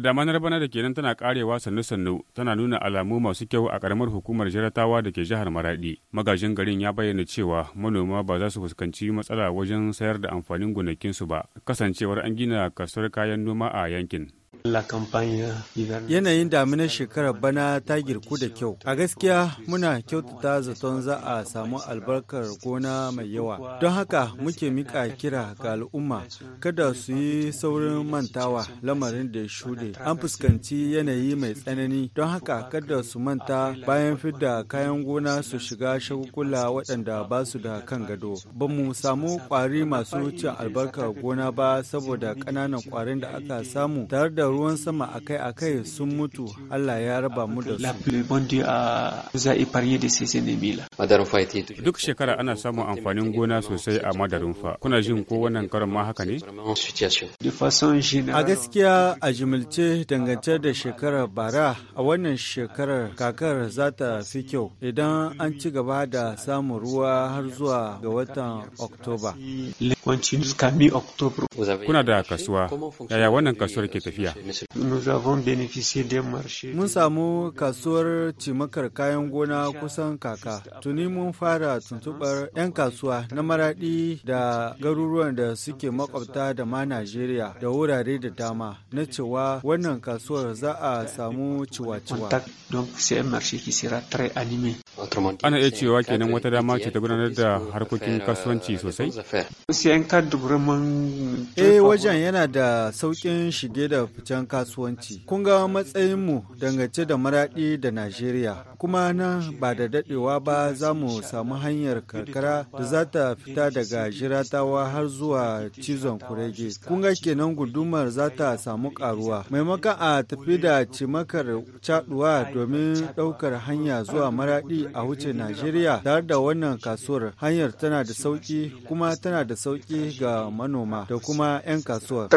da manar bana da kenan tana karewa sannu-sannu tana nuna alamu masu kyau a karamar hukumar jaratawa da ke jihar maradi magajin garin ya bayyana cewa manoma ba za su fuskanci matsala wajen sayar da amfanin gonakinsu ba kasancewar an gina kasuwar kayan noma a yankin Yanayin daminar shekarar bana ta girku da kyau. A gaskiya muna kyautata zaton za a samu albarkar gona mai yawa. Don haka muke mika kira ga al'umma kada su yi saurin mantawa lamarin da ya shuɗe. An fuskanci yanayi mai tsanani don haka kada su manta bayan fidda kayan gona su shiga shagukula waɗanda ba su da kan gado. Ba mu samu ƙwari masu cin albarkar gona ba saboda ƙananan ƙwarin da aka samu tare da ruwan sama akai-akai sun mutu Allah ya raba mu da su. Duk shekara ana samun amfanin gona sosai a madarunfa. Kuna jin ko wannan karon ma haka ne? A gaskiya a jimilce dangance da shekarar bara a wannan shekarar kakar za ta fi kyau idan an ci gaba da samun ruwa har zuwa ga watan Oktoba. Kuna da kasuwa, yaya wannan kasuwar ke tafiya? Mun samu kasuwar cimakar kayan gona kusan kaka. Tuni mun fara tuntubar 'yan kasuwa na maraɗi da garuruwan da suke makwabta da ma Najeriya da wurare da dama na cewa wannan kasuwar za a samu ciwa-ciwa. ana iya cewa kenan wata dama ce ta gudanar da harkokin kasuwanci uh, sosai eh wajen yana da sauƙin shige da ficen kasuwanci kun ga matsayinmu dangance da maraɗi da najeriya kuma nan ba da daɗewa ba za mu samu hanyar karkara da za ta fita daga jiratawa har zuwa cizon kurege kun ga kenan gudumar za ta samu karuwa maimakon a tafi da cimakar caduwa domin ɗaukar hanya zuwa maraɗi a a wuce Najeriya tare da wannan kasuwar hanyar tana da sauki kuma tana da sauki ga manoma da kuma 'yan kasuwar.